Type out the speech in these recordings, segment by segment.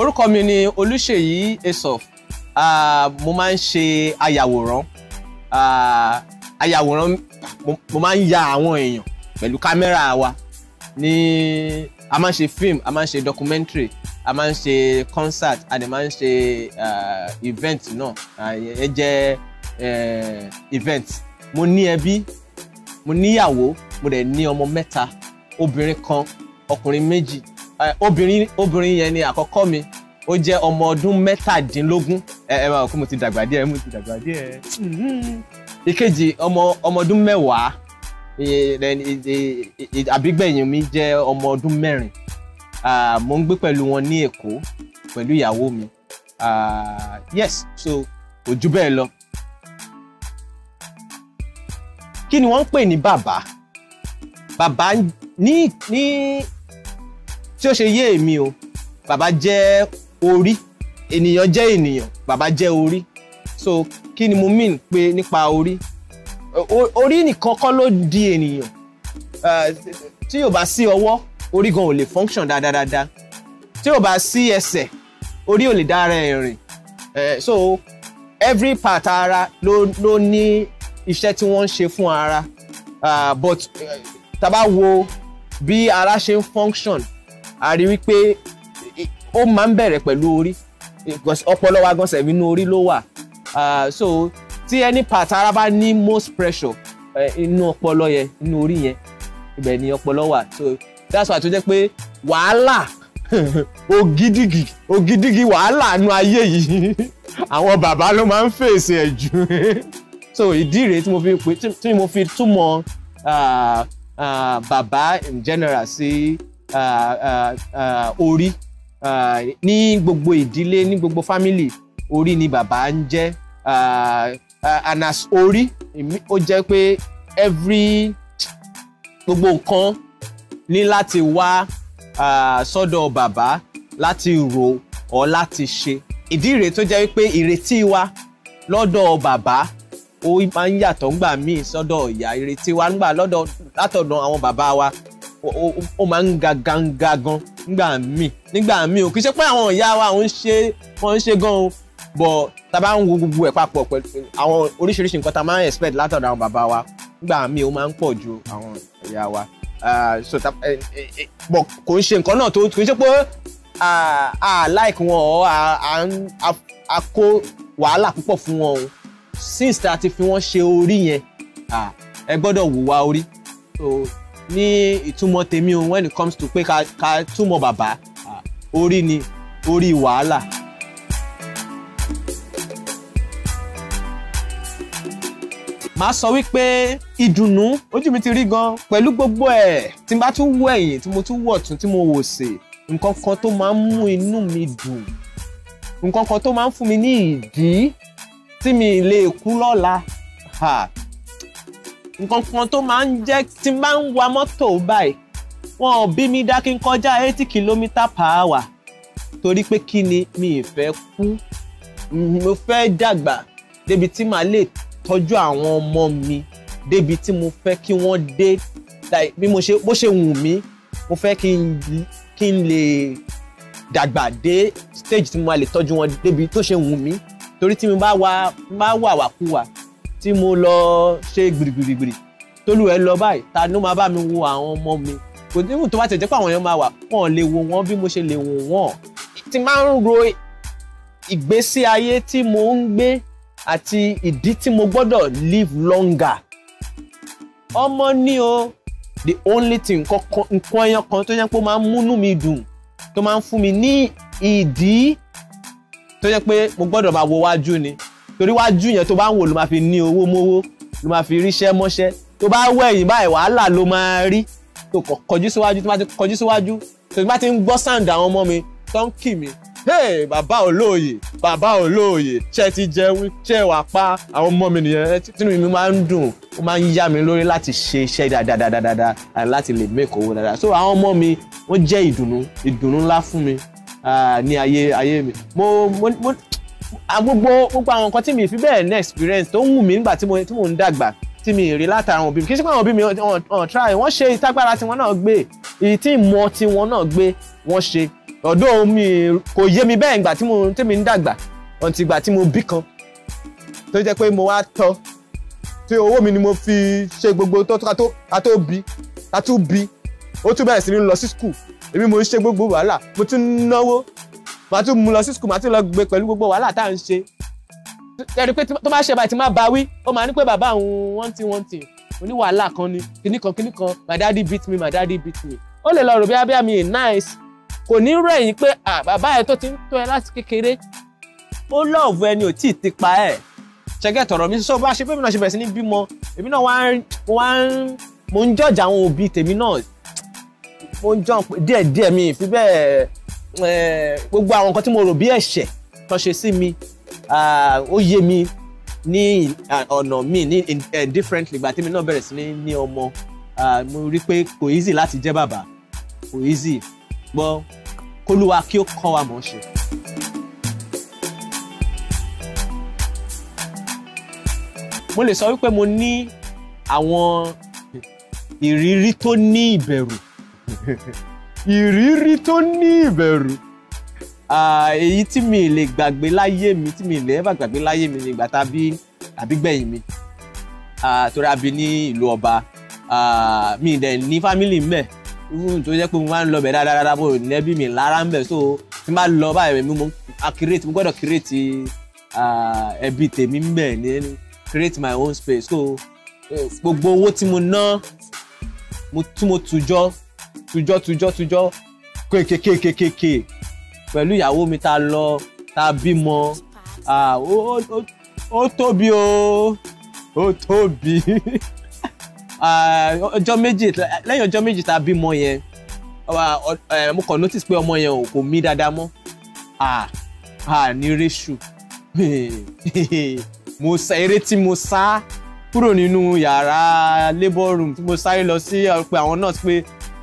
orúkọ mi ni olùṣèyí esof mo máa ń ṣe ayàwòrán ayàwòrán mo máa ń ya àwọn èèyàn pẹ̀lú kámẹ́rà wa ní a máa ń ṣe film a máa ń ṣe documentary a máa ń ṣe concert a dẹ̀ máa ń ṣe event náà ẹ jẹ́ event mo ní ẹbí mo níyàwó mo dẹ̀ ní ọmọ mẹ́ta obìnrin kan ọkùnrin méjì obìnrin obìnrin yẹn ni àkọ́kọ́ mi ó jẹ́ ọmọ ọdún mẹ́tàdínlógún ẹ ẹ máa kó mo ti dàgbà díẹ̀ mo ti dàgbà díẹ̀ ìkejì ọmọ ọmọ ọdún mẹ́wàá àbígbẹ̀yìn mi jẹ́ ọmọ ọdún mẹ́rin mo ń gbé pẹ̀lú wọn ní Èkó pẹ̀lú ìyàwó mi yes so kò jù bẹ́ẹ̀ lọ. kí ni wọ́n ń pè ní bàbá bàbá ní ní tí ó ṣe yé èmi o bàbá jẹ́ orí ènìyàn jẹ́ ènìyàn bàbá jẹ́ orí so kí ni mo mean pé nípa orí orí nìkan kọ́ ló di ènìyàn eh, tí yóò bá sí ọwọ́ orí gan ò lè function dáadáa tí yóò bá sí ẹsẹ̀ orí ò lè dára ẹ̀ rìn eh, so every part ara ló ló ní iṣẹ́ tí wọ́n ń ṣe fún ara ah, but uh, eh, tá bá wo bí ara ṣe ń function a rí wípé ó máa ń bẹ̀rẹ̀ pẹ̀lú orí ọpọlọ wa gan sẹ̀mí inú orí ló wà so tí any part ara bá ní most pressure inú ọpọlọ yẹn inú orí yẹn ibẹ̀ ni ọpọlọ wà so that's why tó jẹ́ pé wàhálà ògidìgì ògidìgì wàhálà nu ayé yìí àwọn bàbá ló máa ń fèsì ẹ̀ jù so ìdí rèé tí mo fi pè tí mo fi túmọ̀ bàbá in general sí. Si, orí ní gbogbo ìdílé ní gbogbo fámìlì orí ni bàbá ń jẹ́ and as orí ó jẹ́ pé every gbogbo nǹkan ní láti wá sọ́dọ̀ bàbá láti rò ọ́ láti ṣe ìdí rèé tó jẹ́ wípé ìrètí wa lọ́dọ̀ bàbá ó máa ń yàtọ̀ ńgbà míì sọ́dọ̀ ìyá ìrètí wa ńgbà lọ́dọ̀ látọ̀dọ̀ àwọn bàbá wa ó máa ń ga ganga gan nígbà míì nígbà míì o kì í ṣe pé àwọn ìyá wa ń ṣe wọ́n ń ṣe gan o bọ̀ tá a bá ń wo gbogbo ẹ̀ papọ̀ pẹ̀lú àwọn oríṣiríṣi nǹkan tá a máa ń expect látọ̀dọ̀ àwọn bàbá wa nígbà míì ó máa ń pọ̀ ju àwọn ìyá wa so ta bọ̀ kò ń ṣe nǹkan náà tó kì í ṣe pé a like wọn ọ a kó wàhálà púpọ̀ fún wọn o since tá a ti fi wọ́n ṣe orí yẹn ẹ gbọ́dọ̀ wùwà orí so ní ìtumọ̀ tèmi o when it comes to pé ká ká túmọ̀ bàbá orí ni orí wàhálà. màá sọ wípé ìdùnnú ojú mi ti rí gan pẹ̀lú gbogbo ẹ̀ tí n bá tún wọ ẹ̀yìn tí mo tún wọ̀ tún tí mo wò sè nǹkan kan tó máa ń mú inú mi dùn nǹkan kan tó máa ń fún mi ní ìdí tí mi lè kú lọ́la nǹkan kan tó máa ń jẹ́ tí n bá ń wa mọ́tò báyìí wọn ò bí mi dá kí n kọjá eighty kilometre per hour torí pé kí ni mi ì fẹ́ kú mo fẹ́ dàgbà débi tí màá lè tọ́jú àwọn ọmọ mi débi tí mo fẹ́ kí wọ́n dé bí mo ṣe bó ṣe wù mí mo fẹ́ kí n lè dàgbà dé stage tí mo máa lè tọ́jú wọn débi tó ṣe wù mí torí tí mo bá wà wà kú wà tí mo lọ ṣe gbìrìgbìrìgbìrì tólú ẹ lọ báyìí ta ló máa bá mi wo àwọn ọmọ mi kò ní ìwù tó bá tẹ̀jẹ́ pé àwọn èèyàn máa wà wọn lè wo wọn bí mo ṣe lè wò wọn. ti máa ń ro ìgbésí ayé tí mo ń gbé àti ìdí tí mo gbọ́dọ̀ live longer. ọmọ ní o the only thing nǹkan ẹyọ kan tó yẹ pé ó máa ń múnú mi dùn tó máa ń fún mi ní ìdí tó yẹ pé mo gbọ́dọ̀ máa wo wájú ni torí wájú yẹn tó bá ń wò ló máa fi ní owó mówó ló máa fi ríṣẹ́ mọ́ṣẹ́ tó bá wẹ̀yìn báyìí wàhálà ló máa rí tó kọjú síwájú tó bá ti kọjú síwájú tó bá ti ń gbọ́ sàǹdà àwọn ọmọ mi tó ń kì mí hey bàbá olóòyè bàbá olóòyè ṣé ti jẹun ṣé wàá pa àwọn ọmọ mi nìyẹn tínú mi máa ń dùn ó máa ń yá mi lórí láti ṣe iṣẹ́ dáadáa àti láti lè make owó dáadáa so àwọn ọmọ mi wọ́n jẹ́ ìdùnnú ìdùnnú ńlá fún mi ah, ní ayé ayé Mo mo mo Ah, gbogbo gbogbo àwọn nǹkan tí mi fi bẹ́ẹ̀ ní experience tó ń wù mí nígbà tí mo ń dàgbà tí mi rí látara àwọn òbí mi kì í ṣe pé àwọn òbí mi ọ̀n try wọ́n ṣe ìtagbára tiwọn náà gbé èyí tí ìmọ̀ tiwọn náà gbé wọ́n ṣe ọ̀dọ́ mi kò yé mi bẹ́ẹ̀ ìgbà tí mi ń dàgbà ọ̀ntì ìgbà tí mo bí kan tó jẹ́ pé mo wá tọ́ tí owó mi ni mo fi ṣe gbogbo tó ká tó bí ká tó bí ó tún bẹ̀rẹ̀ sí ní lọ sí school èmi mo ń ṣe gbogbo wàhálà mo tún náwó màá tún mú lọ sí skul màá tún lọ gbé pẹ̀lú gbogbo wàhálà tá à ń ṣe ẹ̀rí pé tó bá ṣe báyìí tí má ba wí ó máa ní pé bàbá àwọn one thing one thing oní wàhálà kan ni kíní kan kíní kan my daddy beat me my daddy beat me ó lè lọ rò bí abíyá mi è nice kò ní rẹ̀yìn pé bàbá ẹ̀ tó ti ń tọ́ ẹ láti kékeré ó lọ́ọ̀vù ẹni ò tí ì ti pa ẹ̀ ṣẹ́gẹ́ tọ̀rọ̀ mi sọ bá ṣe pé mi náà ṣe bẹ̀rẹ̀ sí ní bímọ Eh, gbogbo àwọn nǹkan tí mo rò bí ẹ̀ṣẹ̀ tó ṣe sí mi ó yé mi ní ọ̀nà mi ní eh, differently gbà tèmi náà bẹ̀rẹ̀ sí ní ní ọmọ mo rí pé kò easy láti jẹ́ bàbá kò easy gbọ́ kólúwa kí ó kọ́ wa mọ̀ ṣe. mo lè sọ wípé mo ní àwọn ìrírí tó ní ìbẹ̀rù. ìrírí tó ní ìbẹ̀rù èyí tí mi lè gbàgbé láyé mi tí mi lè ẹ́fà gbàgbé láyé mi nígbà tàbí tàbí gbẹ̀yìn mi torí a bí ní ìlú ọba mi dẹ̀ ní fámìlì mẹ́ tó jẹ́ pé mo máa ń lọ bẹ̀ dáadáa mo nẹ́bí mi lára ń bẹ̀ so tí n bá lọ báyìí mi mo create mo gbọ́dọ̀ create ẹbí tèmi ń bẹ̀ ní create my own space so gbogbo owó tí mo ná tí mo tù jọ tujọ́ tujọ́ tujọ́ kékékékékéké pẹ̀lú ìyàwó mi ta lọ ta bímọ ó tóbi o ó tóbi ọjọ́ méjì lẹ́yìn ọjọ́ méjì ta bímọ yẹn mo kàn notice pé ọmọ yẹn ò kò mí dáadáa mọ́ ní réṣù mo sá eré tí mo sá kúrò nínú yàrá labour room tí mo sáré lọ sí ọ̀pẹ àwọn nurse pé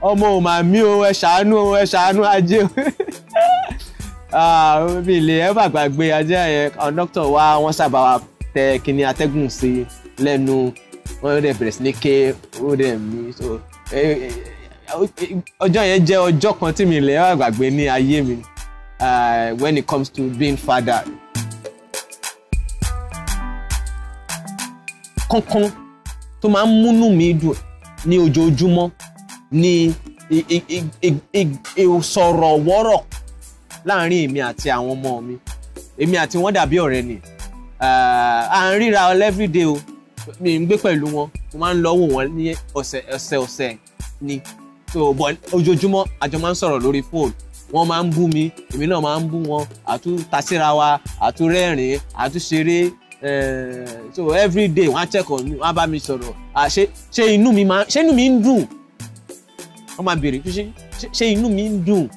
ọmọ ò mà mí o ẹ ṣàánú o ẹ ṣàánú ajé o ah, mi lè ẹ bà gbàgbé ajé yẹn àwọn dókítà wa wọ́n sábà wa tẹ kíní atẹ́gùn sí lẹ́nu wọ́n dẹ̀ bẹ̀rẹ̀ sí ní ké ó dẹ̀ mí ọjọ́ yẹn jẹ́ ọjọ́ kan tí mi lè ẹ bà gbàgbé ní ayé mi ah, when it comes to being father. kankan tó máa ń múnú mi dùn ní ojoojúmọ́ ni ìsọ̀rọ̀ wọ́rọ̀ láàrin èmi àti àwọn ọmọ mi èmi àti wọn dàbí ọ̀rẹ́ ni à ń ríra everyday o mi ń gbé pẹ̀lú wọn mo máa ń lọ wò wọ́n ní ọ̀sẹ̀ ọ̀sẹ̀ ni so but ojoojúmọ́ àjọ máa ń sọ̀rọ̀ lórí fóònù wọ́n máa ń bú mi èmi náà máa ń bú wọn àtúntasíra wa àtúnrẹ́rìn àtúnṣeré so everyday wọ́n á check on mi wọ́n á bá mi sọ̀rọ̀ ṣé inú mi máa inú mi ń dùn wọ́n máa béèrè pé ṣé inú mi ń dùn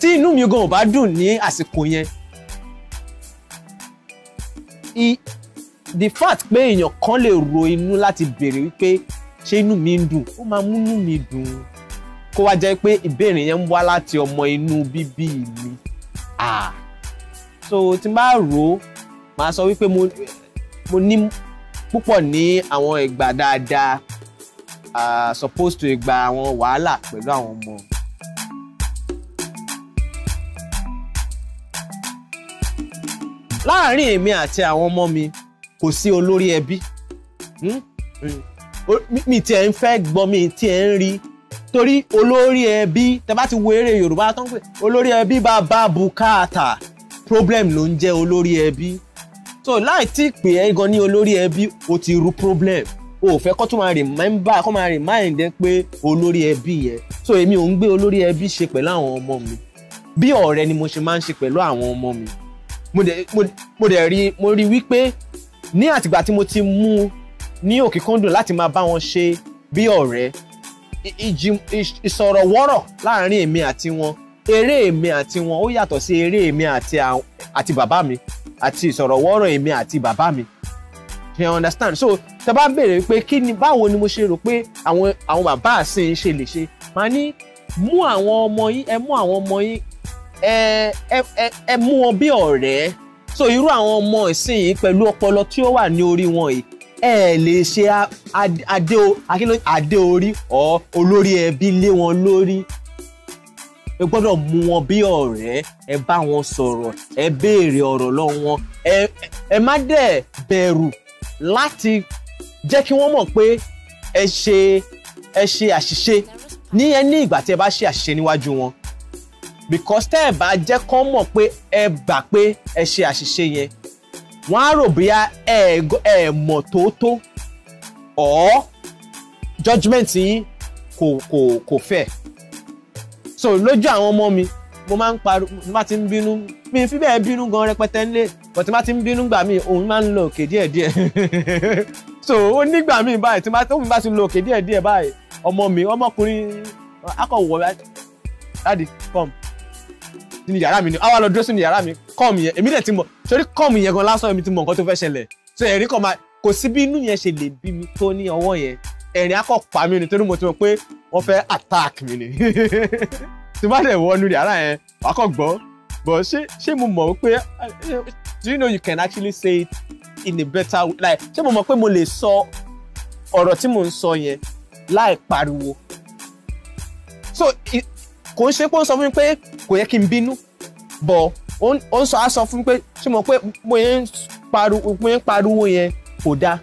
tí inú mi gan ò bá dùn ní àsìkò yẹn the fact pé èèyàn kan lè ro inú láti béèrè wípé ṣé inú mi ń dùn ó máa múnú mi dùn kó wá jẹ́ pé ìbéèrè yẹn ń wá láti ọmọ inú bíbí mi ah so tí n bá rò ó màá sọ wípé mo ní púpọ̀ ní àwọn ìgbà dáadáa are supposed to gba àwọn wàhálà pẹ̀lú àwọn ọmọ. láàárín èmi àti àwọn ọmọ mi kò sí olórí ẹbí hmm? mi tiẹ̀ ń fẹ́ gbọ́ mi tiẹ̀ ń rí torí olórí ẹbí tẹ́ bá ti wo eré Yorùbá tán pé olórí ẹbí bá bá bùkátà problem ló ń jẹ́ olórí ẹbí so láì tí pè é gan ní olórí ẹbí o ti ru problem o ò fẹ́ kó tún máa rìmáìmbà kó máa rìmáìndẹ́ pé olórí ẹbí yẹn so èmi ò ń gbé olórí ẹbí ṣe pẹ̀lú àwọn ọmọ mi bí ọ̀rẹ́ ni mo ṣe máa ń ṣe pẹ̀lú àwọn ọmọ mi mo dẹ̀ rí mo rí wípé ní àtìgbà tí mo ti mú ní òkìkúndùn láti máa bá wọn ṣe bí ọ̀rẹ́ ìsọ̀rọ̀wọ́rọ̀ láàrin èmi àti wọn eré èmi àti wọn ó yàtọ̀ sí eré èmi àti bàbá mi àti ìsọ̀rọ̀wọ́rọ̀ èmi àti bàbá mi you understand so tẹ bá béèrè pé kí ni báwo ni mo ṣe rò pé àwọn àwọn bàbá àsìn ṣe lè ṣe màá ní mú àwọn ọmọ yín ẹ mú àwọn ọmọ yín ẹ ẹ ẹ mú wọn bí ọ̀rẹ́ so irú àwọn ọmọ ìsìn yìí pẹ̀lú ọpọlọ tí ó wà ní orí wọn yìí ẹ lè ṣe adé akínlẹ adé orí ọ olórí ẹbí lé wọn lórí ẹ gbọ́dọ̀ mú wọn bí ọ̀rẹ́ ẹ bá wọn sọ̀rọ̀ ẹ béèrè ọ̀rọ̀ lọ́wọ́ ẹ má dẹ̀ bẹ̀rù láti jẹ́ kí wọ́n mọ̀ pé ẹ ṣe ẹ ṣe àṣìṣe ní ẹ ní ìgbà tí ẹ bá ṣe àṣìṣe níwájú wọn because tẹ́ ẹ bá jẹ́ kán mọ̀ pé ẹ gbà pé ẹ ṣe àṣìṣe yẹn wọ́n á rò bóyá ẹ ẹ mọ̀ tóótó or judgement yín kò kò kò fair so lójú àwọn ọmọ mi mo máa ń pariwo mo máa ti ń bínú mi fi bẹ́ẹ̀ bínú gan rẹpẹtẹ nílé but tí má ti ń bínú gbà mí òun máa ń lọ òkè díẹ̀ díẹ̀ so ó nígbà mí báyìí tí má tó mi bá ti die, òkè díẹ̀ díẹ̀ báyìí ọmọ mi ọmọkùnrin akọ̀wọ̀ láti come nínú yàrá mi ni àwa lọ dúró sínú yàrá mi come yẹn èmi dẹ̀ ti mọ̀ sórí come yẹn gan lásán èmi ti mọ̀ nǹkan to fẹ́ ṣẹlẹ̀ so ẹ̀rí kan máa kò sí bí inú yẹn ṣe lè bí mi tó ní ọwọ́ yẹn ẹ̀rín akọ̀ pa mí nítorí mo ti mọ̀ pé wọ́n fẹ́ attack mi ni tí bá dẹ̀ wọnú yàrá yẹn wàá kọ̀ gbọ́ bọ̀ ṣé ṣé mo mọ̀ pé do you know you can actually say it in a better way like ṣé mo mọ̀ pé mo lè sọ ọ̀rọ̀ tí mo ń sọ yẹn láì pariwo so kò ń ṣe pé ó ń sọ fún mi pé kò yẹ kí n bínú bọ̀ ó ń sọ á sọ fún mi pé ṣé mo pé mo yẹn ń pariwo yẹn kò dáa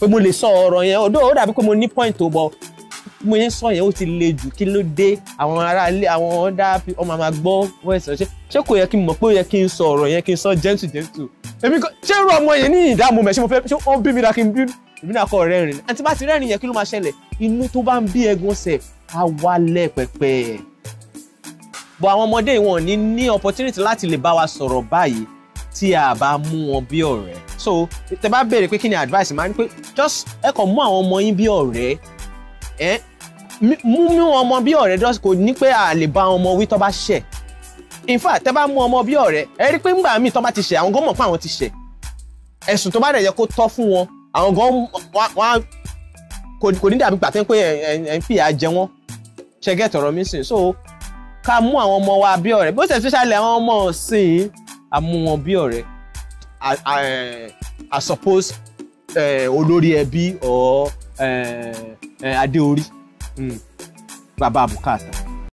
pé mo lè sọ ọ̀rọ̀ yẹn ọ̀dọ́ ó dàbí pé mo ní point tó bọ̀ mo yẹn sọ yẹn ó ti le jù kí ló dé àwọn ará ilé àwọn ọ̀dà ọmọ àmà gbọ́ wẹ̀sẹ̀ ṣe ṣé kò yẹ kí n mọ̀ pé ó yẹ kí n sọ ọ̀rọ̀ yẹn kí n sọ gentle gentle èmi kò ṣé irú ọmọ yẹn ní ìdààmú mẹ́ ṣé mo fẹ́ ṣé wọ́n bí mi ra kí n bí èmi náà kọ́ rẹ́rìn àti bá ti rẹ́rìn yẹn kí ló máa ṣẹlẹ̀ inú tó bá ń bí ẹ̀gún ṣẹ̀ á wálẹ̀ pẹ̀pẹ̀ bọ̀ àwọn ọmọdé wọn ní ní opportunity láti lè bá wa sọ̀rọ̀ báyìí tí a bá mú wọn bí ọ̀rẹ́ so tẹ bá béèrè pé kí ni advice máa ń pé just ẹ kàn mú àwọn ọmọ yín bí ọ̀rẹ́ ẹ mú mú ọmọ bí ọ̀rẹ́ dọ́sí kò ní pé a lè bá ọmọ wí tó bá ṣẹ̀ in fact tẹ́ bá mú ọmọ bí ọ̀rẹ́ ẹ rí pé ńgbà míì tó bá ti ṣẹ̀ àwọn gan mọ̀ pé àwọn ti ṣẹ̀ ẹ̀sùn tó bá dẹ̀ yẹ kó tọ́ fún wọn àwọn gan wọn kò ní dàbí pàtẹ́ pé ẹ̀ ń fìyà jẹ wọ́n ṣe gẹ́tọ̀ ọ̀rọ̀ mi sìn so ká mú àwọn ọmọ wa bí ọ̀rẹ́ bó ṣe especially àwọn ọmọ sìn àmú wọn bí ọ̀rẹ́ I suppose olórí ẹbí or adé orí. Hum. Babá, bucata.